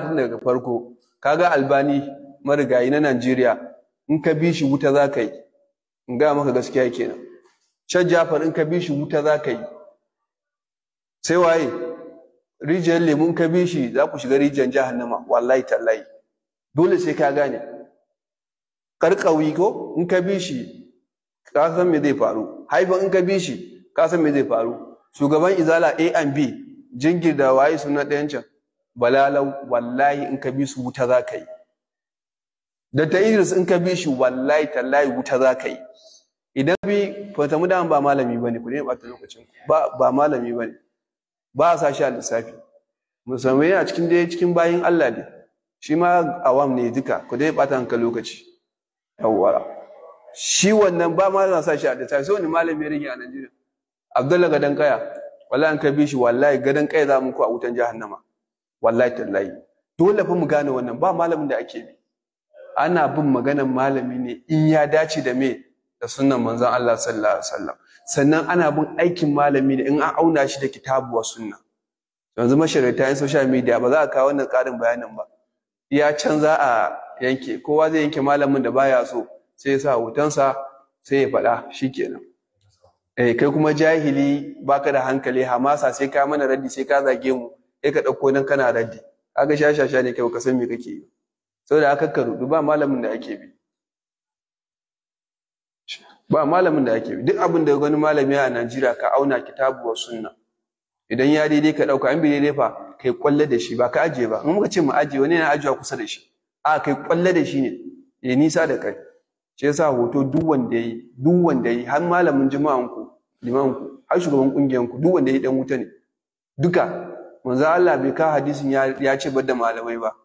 tun daga farko kaga albani marigayi na Najeriya in ka bi shi wuta za ka yi in ga maka gaskiya kenan can jafar in ka bi shi wuta za ka yi sai waye rijiyar lemu in ka bi shi za ku shiga rijiyar jahannama wallahi tallahi dole sai ka gane karkawi ko in ka bi shi ka san me zai faru haifan in ka bi shi ka san me zai faru shugaban izala a and b jingir da waye suna ɗayan can balalau wallahi in ka bi su wuta za ka yi da ta idris in ka bi shi wallahi tallahi wuta za ka yi idan bi fata mu dama ba malami ba ne ku ne ɓata lokacin ba ba malami ba ne ba a sa shi a lissafi musamman yana cikin dai cikin bayin allah ne shi ma awam ne duka ku dai ɓata hanka lokaci yawwa shi wannan ba ma na sa shi a lissafi sai wani malami ya rage a najeriya abdullahi gadon kaya wallahi in ka bi shi wallahi gadon kaya za mu ku a wutan jahannama wallahi tallahi dole fa mu gane wannan ba malamin da ake bi ana bin maganan malami ne in ya dace da me da sunnan manzon Allah sallallahu alaihi wasallam sannan ana bin aikin malami ne in an auna shi da kitabu wa sunna yanzu masharaita yan social media ba za a kawo wannan karin bayanin ba ya can za a yanke kowa zai yanke malamin da baya so sai ya sa hotonsa sai ya faɗa shikenan eh kai kuma jahili baka da hankali hamasa sai ka mana raddi sai ka zage mu sai ka ɗauko nan kana raddi kaga shashasha ne kai ka san me kake yi saboda haka ka rudu ba malamin da ake bi ba malamin da ake bi duk abin da wani malami a Najeriya ka auna kitabu wa sunna idan ya daidai ka ɗauka an bi daidai fa kai kwalle da shi ba ka ajiye ba mun muka ce mu ajiye wani yana ajiyewa kusa da shi a kai kwalle da shi ne ya eh, nisa da kai shi sa hoto duk wanda yi duk wanda yi har malamin jima'an ku liman ku har shugaban kungiyan ku duk wanda yi dan wuta ne duka manzo Allah bai ka hadisin ya ce bar da malamai ba